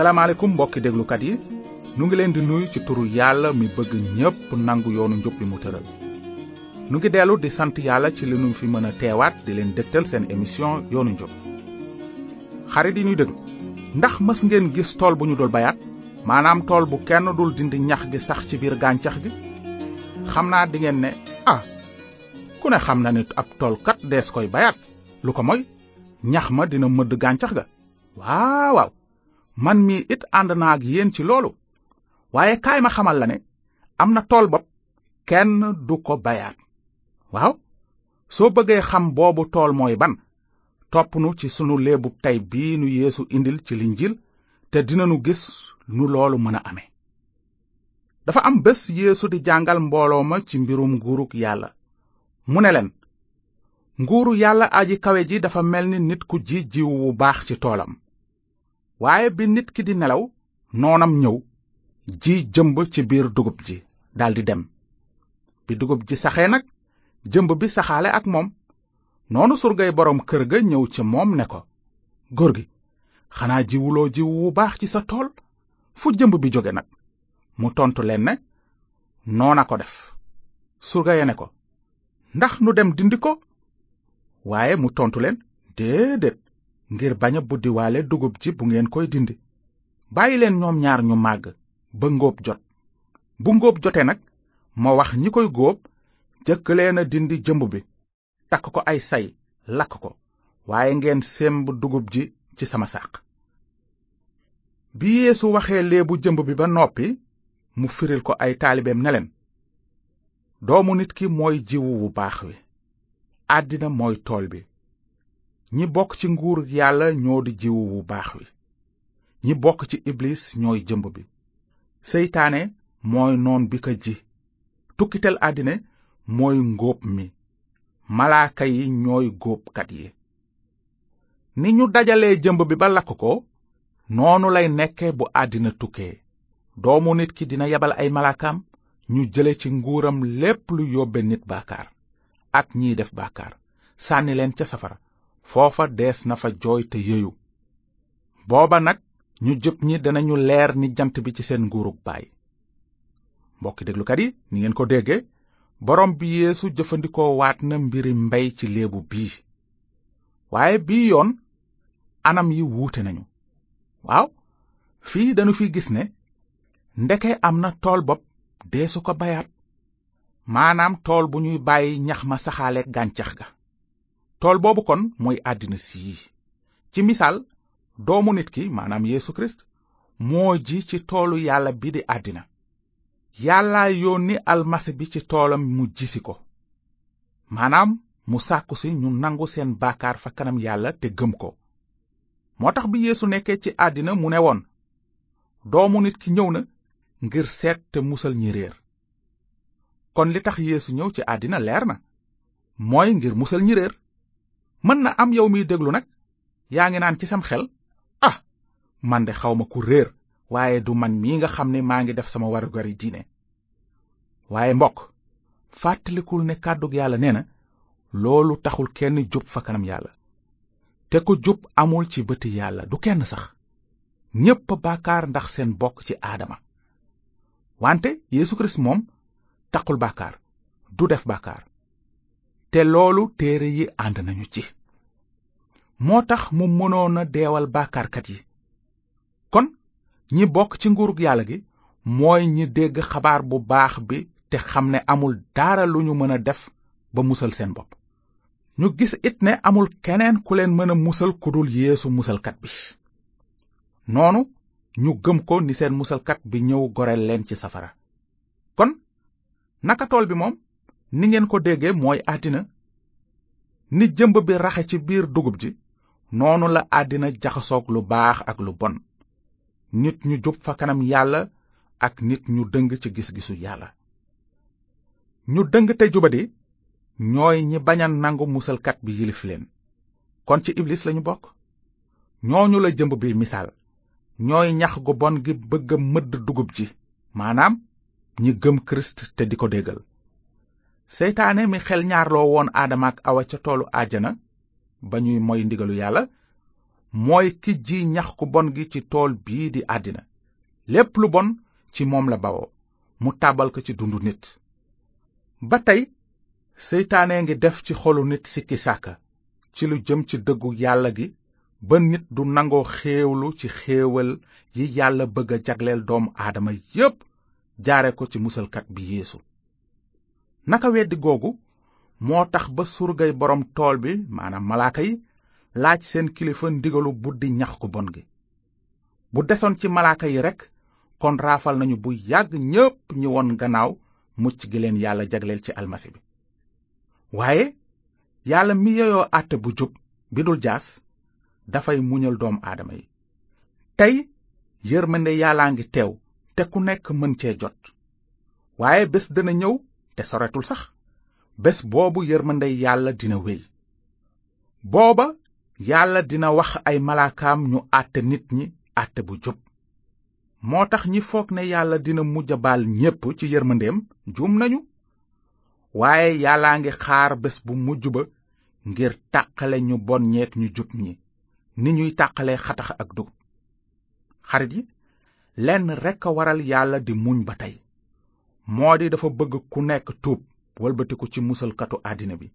salaamaaleykum mbokki déglukat yi nu ngi leen di nuyu ci turu yàlla mi bëgg ñépp nangu yoonu njub bi mu tëral nu ngi dellu di sant yàlla ci li nu fi mën a teewaat di leen dégtal seen émission yoonu njub xarit yi ñuy déglu ndax mës ngeen gis tool bu ñu dul bayaat maanaam tool bu kenn dul dindi ñax gi sax ci biir gàncax gi xam naa di ngeen ne ah ku ne xam na nit ab toolkat dees koy bayaat lu ko moy ñax ma dina mëdd gàncax ga waaw man mii it ànd naa ak yéen ci loolu waaye kaay ma xamal la ne am na tool bopp kenn du ko bayaat waaw soo bëggee xam boobu tool mooy ban topp nu ci sunu léebub tey bii nu yéesu indil ci linjil te dina dinanu gis nu loolu mën a ame dafa am bés yeesu di jàngal mbooloo ma ci mbirum nguurug yàlla mu ne leen nguuru yàlla aji kawe ji dafa mel ni nit ku ji jiw wu baax ci toolam waaye bi nit ki di nelaw noonam ñëw ji jëmb ci biir dugub ji daldi dem bi dugub ji saxee nag jëmb bi saxaale ak moom noonu surgay boroom kër ga ñëw ci moom ne ko góor gi xanaa jiwuloo jiw wu baax ci sa tool fu jëmb bi jóge nag mu tontu leen ne noona ko def surga ya ne ko ndax nu dem dindi ko waaye mu tontu leen déedéet ngir bañ a buddiwaale dugub ji bu ngeen koy dindi bàyyi leen ñoom ñaar ñu màgg ba ngóob jot bu ngóob jotee nag ma wax ñi koy góob jëkk leen a dindi jëmb bi takk ko ay say lakk ko waaye ngeen semb dugub ji ci sama sàq bi yeesu waxee léebu jëmb bi ba noppi mu firil ko ay taalibeem ne doomu nit ki mooy jiwu wu baax wi àddina mooy tool bi ñi bokk ci nguur yàlla ñoo di jiwu wu baax wi ñi bokk ci iblis ñooy jëmb bi seytaane mooy noon bi ko ji tukkitel àddina mooy ngóob mi malaaka yi ñooy góobkat yi ni ñu dajale jëmb bi ba lakk ko noonu lay nekke bu àddina tukkee doomu nit ki dina yebal ay malaakaam ñu jële ci nguuram lépp lu yóbbe nit baakaar ak ñiy def baakaar sànni leen ca safara foofa dees na fa jooy booba nag ñu jub ñi danañu leer ni jant bi ci seen nguurug baay mbokki déglukat yi ni ngeen ko dégge borom bi yéesu jëfandikoo waat na mbiri mbay ci léebu bii waaye bii yoon anam yi wuute nañu waaw fii dañu fi gis ne ndeke am na tool bopp deesu ko bayaat maanaam tool bu ñuy bàyyi ñax ma saxaale gàncax ga tool boobu kon mooy àddina sii ci misaal doomu nit ki maanaam yéesu Kirist moo ji ci toolu yàlla bi di àddina yàlla yónni almasi bi ci toolam mu si ko maanaam mu sàkku si ñu nangu seen baakaar fa kanam yàlla te gëm ko moo tax bi Yeesu nekkee ci àddina mu ne woon doomu nit ki ñëw na ngir seet te musal ñi réer kon li tax yéesu ñëw ci àddina leer na mooy ngir musal ñi réer mën na am yow miy déglu nag yaa ngi naan ci sam xel ah man de xawma ku réer waaye du man mii nga xam ne maa ngi def sama warugari diine waaye mbokk fàttalikul ne kàddu yàlla nee na loolu taxul kenn jub fa kanam yàlla te ko jub amul ci bëti yàlla du kenn sax ñépp bàkkaar ndax seen bokk ci aadama wante Yeesu Kirist moom taxul bàkkaar du def bàkkaar te loolu téere yi ànd nañu ci moo tax mu mënoon a deewal bàkkaarkat yi kon ñi bokk ci nguurug yàlla gi mooy ñi dégg xabaar bu baax bi te xam ne amul dara lu ñu mën a def ba musal seen bopp ñu gis it ne amul keneen ku leen mën a musal ku dul yeesu musalkat bi noonu ñu gëm ko ni seen musalkat bi ñëw goreel leen ci safara kon naka tool bi moom ni ngeen ko dégge mooy àddina ni jëmb bi raxe ci biir dugub ji noonu la àddina jaxasoog lu baax ak lu bon nit ñu jub fa kanam yàlla ak nit ñu dëng ci gis-gisu yàlla ñu dëng te jubadi ñooy ñi bañ nangu musalkat bi yilif leen kon ci iblis lañu bokk ñooñu la jëmb bi misaal ñooy ñax gu bon gi bëgg a mëdd dugub ji maanaam ñi gëm kirist te di ko déggal seytaane mi xel ñaarloo woon aadama ak awa ca toolu àjjana ba ñuy moy ndigalu yàlla mooy ki ji ñax ku bon gi ci tool bii di àddina lépp lu bon ci moom la bawo mu taabal ko ci dund nit ba tey seytaane ngi def ci xolu nit sikki sàkka ci lu jëm ci dëggu yàlla gi ba nit du nangoo xéewlu ci xéewal yi yàlla bëgg a jagleel doomu aadama yépp jaare ko ci musalkat bi yéesu naka weddi googu moo tax ba surgay boroom tool bi maanaam malaaka yi laaj seen kilifa ndigalu buddi ñax ku bon gi bu desoon ci malaaka yi rekk kon raafal nañu bu yàgg ñépp ñi won gannaaw mucc gi leen yàlla jagleel ci almasi bi waaye yàlla mi yeyoo àtte bu jub bi dul jaas dafay muñal doomu aadama yi tey yërmande yàllaa ngi teew te ku nekk mën cee jot waaye bés dana ñëw te sax bés boobu yërmande yàlla dina wéy booba yàlla dina wax ay malaakaam ñu àtte nit ñi àtte bu jub moo tax ñi foog ne yàlla dina mujj baal ñépp ci yërmandeem jum nañu waaye yàllaa ngi xaar bés bu mujj ba ngir tàqale ñu bon ñeek ñu jub ñi ni ñuy tàqalee xatax ak dug xarit yi lenn rekk a waral yàlla di muñ ba tey moo di dafa bëgg ku nekk tuub walbatiku ci musalkatu àddina bi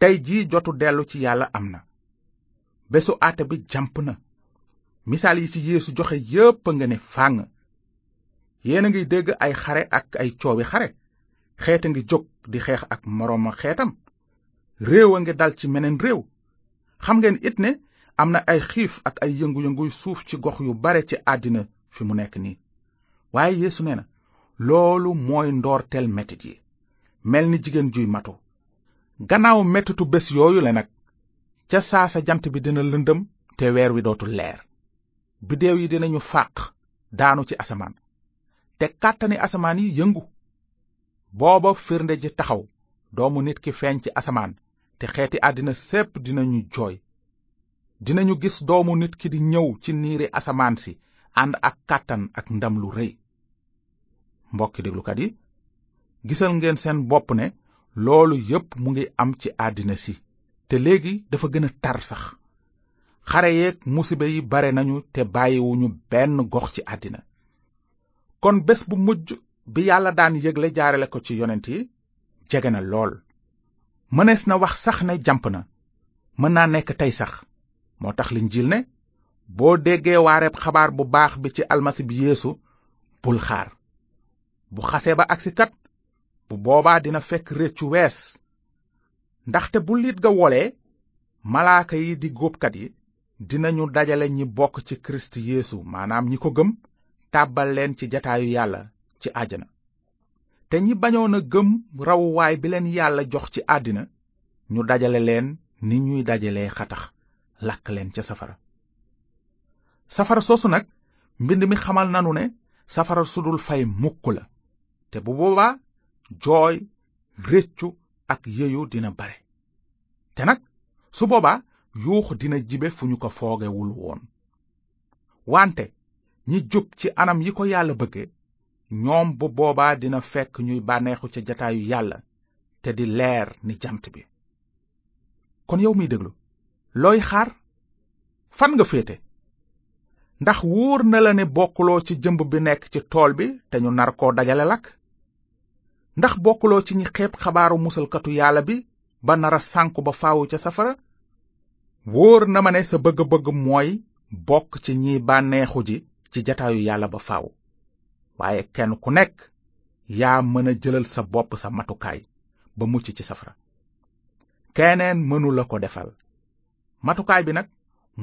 tey jii jotu dellu ci yàlla am na bésu àtte bi jàmp na misaal yi ci yeesu joxe yépp a nga ne fànn yéen a ngi dégg ay xare ak ay coowi xare xeet a ngi jóg di xeex ak morooma xeetam réew a ngi dal ci meneen réew xam ngeen it ne am na ay xiif ak ay yëngu-yënguy suuf ci gox yu bare ci àddina fi mu nekk nii waaye yeesu nee na loolu mooy ndoortel metit yi mel ni jigéen juy matu gannaaw metitu bés yooyu le nag ca saa sa jant bi dina lëndëm te weer wi dootu leer biddeew yi dinañu fàq daanu ci asamaan te kàttani asamaan yi yëngu booba firnde ji taxaw doomu nit ki feeñ ci asamaan te xeeti àddina sépp dinañu jooy dinañu gis doomu nit ki di ñëw ci niiri asamaan si ànd ak kàttan ak ndam lu rëy mbokki déglukat yi gisal ngeen seen bopp ne loolu yépp mu ngi am ci àddina si te léegi dafa gën a tar sax xare yeeg musiba yi bare nañu te bàyyiwuñu benn gox ci àddina kon bés bu mujj bi yàlla daan yégle jaarale ko ci yonent yi jege na lool mënees na wax sax ne jàmp na mën naa nekk tey sax moo tax Linjiil ne boo déggee waareeb xabaar bu baax bi ci almasi bi yéesu bul xaar bu xase ba agsi bu boobaa dina fekk réccu wees ndaxte bu liit ga wolee malaaka yi di góobkat yi dinañu dajale ñi bokk ci kirist yeesu maanaam ñi ko gëm tàbbal leen ci jataayu yàlla ci àjjana te ñi bañoon a gëm rawuwaay bi leen yàlla jox ci àddina ñu dajale leen ni ñuy dajalee xatax lakk leen ca safara safara soosu nag mbind mi xamal nanu ne safara sudul fay mukk la te bu boobaa jooy réccu ak yeyu dina bare te nag su boobaa yuux dina jibe fu ñu ko foogewul woon wante ñi jub ci anam yi ko yàlla bëgge ñoom bu boobaa dina fekk ñuy bànneexu ca jataayu yàlla te di leer ni jant bi kon yow miy déglu looy xaar fan nga féete ndax wóor na la ne bokkuloo ci jëmb bi nekk ci tool bi te ñu nar koo dajale lakk ndax bokkuloo ci ñi xeeb xabaaru musalkatu yàlla bi ba nara sànku ba faawu ca safara wóor na ma ne sa bëgg-bëgg mooy bokk ci ñi bànneexu ji ci jataayu yàlla ba faaw waaye kenn ku nekk yaa mën a jëlal sa bopp sa matukaay ba mucc ci safara keneen mënu la ko defal matukaay bi nag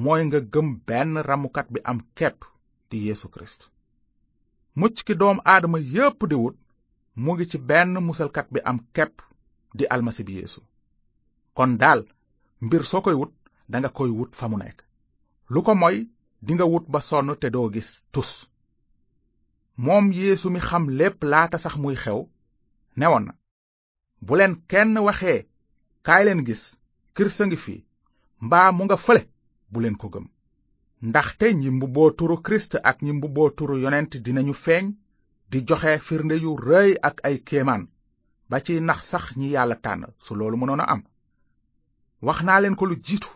mooy nga gëm benn ramukat bi am kepp di Yeesu Kirist mucc ki doom aadama yépp di wut mu ngi ci benn musalkat bi am kepp di almasi bi yeesu kon daal mbir soo koy wut danga koy wut fa mu nekk lu ko moy dinga wut ba sonn te doo gis tus moom yeesu mi xam lépp laata sax muy xew newoon na bu leen kenn waxee kaay leen gis a ngi fi mbaa mu nga fële bu leen ko gëm ndaxte ñi mbubboo turu kirist ak ñi mbubboo turu yonent dinañu feeñ di joxe firnde yu rëy ak ay kéemaan ba ci nax sax ñi yàlla tànn su loolu mënoona am wax naa leen ko lu jiitu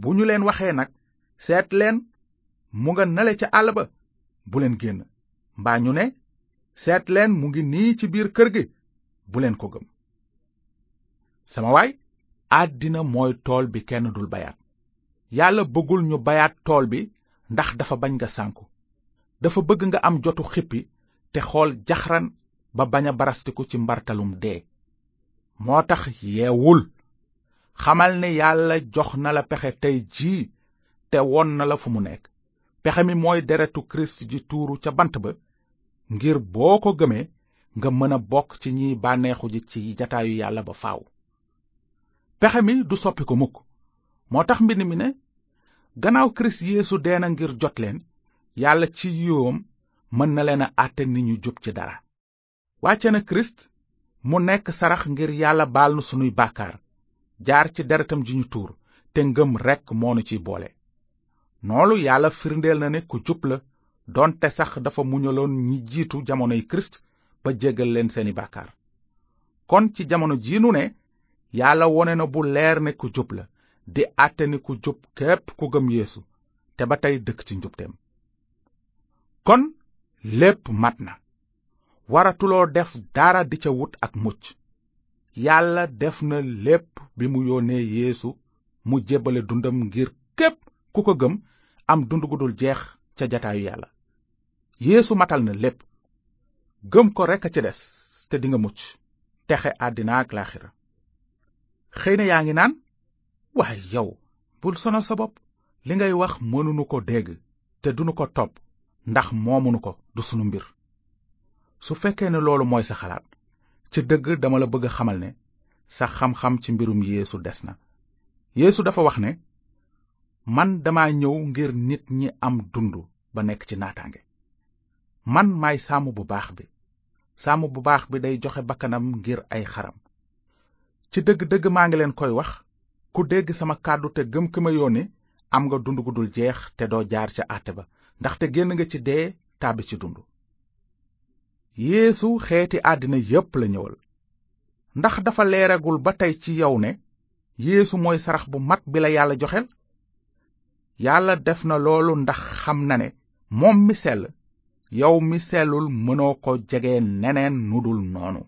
bu ñu leen waxee nag seet leen mu nga nale ca àll ba bu leen génn mbaa ñu ne seet leen mu ngi nii ci biir kër gi bu leen ko gëm sama waay àddina mooy tool bi kenn dul bayaat yàlla bëggul ñu bayaat tool bi ndax dafa bañ nga sànku dafa bëgg nga am jotu xippi te xool jaxran ba bañ a barastiku ci mbartalum dee moo tax yeewul xamal ne yàlla jox na la pexe tey jii te won na la fu mu nekk pexe mi mooy deretu kirist ji tuuru ca bant ba ngir boo ko gëmee nga mëna bokk ci ñiy bànneexu ci jataayu yàlla ba faw pexe mi du soppi ko mukk moo tax mbind mi ne gannaaw kirist yéesu dee na ngir jot leen yàlla ci yiwam mën na leen a àtte ni ñu jub ci dara wàcce na kirist mu nekk sarax ngir yàlla baal nu sunuy bàkkaar jaar ci deretam ji ñu tuur te ngëm rekk moonu ci boole noolu yàlla firndeel na ne ku jub la doonte sax dafa muñaloon ñi jiitu jamonoy kirist ba jéggal leen seeni bàkkaar kon ci jamono jii nu ne yàlla wone na bu leer ne ku jub la di àtte ni ku jub képp ku gëm yeesu te ba tey dëkk ci njubteem lépp mat na waratuloo def dara di ca wut ak mucc yàlla def na lépp bi mu yónnee yéesu mu jébbale dundam ngir képp ku ko gëm am dund gu dul jeex ca jataayu yàlla yéesu matal na lépp gëm ko rekk a ca des te dinga mucc texe àddina ak laaxira xëy na yaa ngi naan waaye yow bul sonal sa bopp li ngay wax mënunu ko dégg te dunu ko topp ndax moo moomunu ko du sunu mbir su fekkee ne loolu mooy sa xalaat ci dëgg dama la bëgg xamal ne sa xam-xam ci mbirum yéesu des na yéesu dafa wax ne man dama ñëw ngir nit ñi am dund ba nekk ci naataange man may sàmm bu baax bi sàmm bu baax bi day joxe bakkanam ngir ay xaram ci dëgg-dëgg maa ngi leen koy wax ku dégg sama kàddu te gëm ki ma yónni am nga dund gu dul jeex te doo jaar ca àtte ba ndaxte génn nga ci dee tàbbi ci dund yeesu xeeti àddina yépp la ñëwal ndax dafa leeragul ba tey ci yow ne yéesu mooy sarax bu mat bi la yàlla joxel yàlla def na loolu ndax xam na ne moom mi sell yow mi sellul mënoo ko jege neneen nu dul noonu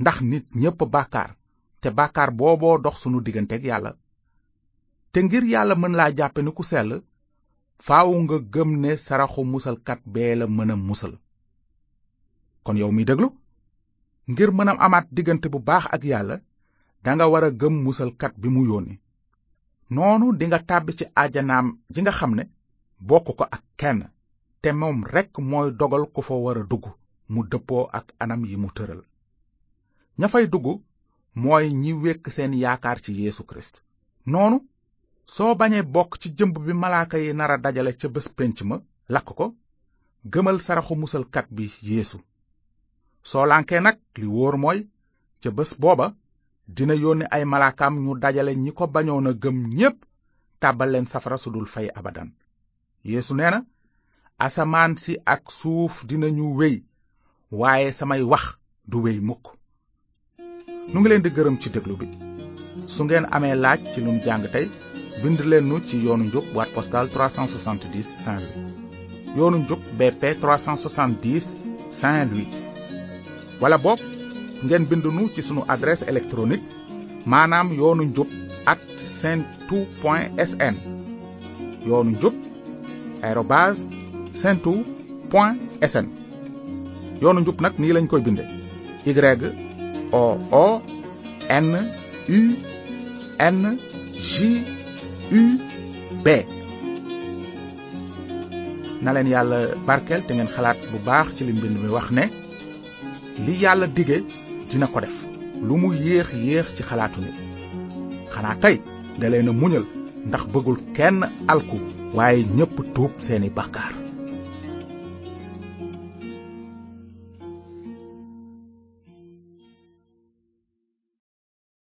ndax nit ñépp bàkkaar te bàkkaar booboo dox sunu digganteeg yàlla te ngir yàlla mën laa jàppe ni ku sell faaw nga gëm ne saraxu musalkat bee la mën a musal kon yow mi déglu ngir mënam amaat diggante bu baax ak yàlla danga war a gëm musalkat bi mu yónni noonu dinga tàbbi ci ajanaam ji nga xam ne bokk ko ak kenn te moom rekk mooy dogal ku fa war a dugg mu dëppoo ak anam yi mu tëral ña fay dugg mooy ñi wekk seen yaakaar ci yéesu Kirist noonu soo bañee bokk ci jëmb bi malaaka yi a dajale ca bés pénc ma lakk ko gëmal saraxu musalkat bi yeesu soo lànkee nag li wóor mooy ca bés booba dina yónni ay malaakaam ñu dajale ñi ko bañoon a gëm ñépp tàbbal leen safara su dul fay abadan yeesu nee na asamaan si ak suuf dina ñu wéy waaye samay wax du wéy mukk nu ngi leen di gërëm ci déglu bi su ngeen amee laaj ci lum jàng tey bind leen nu ci yoonu njub boîte postale 370 Saint-Louis yoonu njub BP 370 Saint-Louis wala boog ngeen bind nu ci sunu adresse électronique maanaam yoonu njub at saintout point sn yoonu njub arobase saintout point yoonu njub nag nii lañ koy binde Y O N U N UB na leen yàlla barkeel te ngeen xalaat bu baax ci li mbind mi wax ne li yàlla dige dina ko def lu mu yéex yéex ci xalaatu xanaa tey da leen a muñal ndax bëggul kenn alku waaye ñépp tuub seeni bàkkaar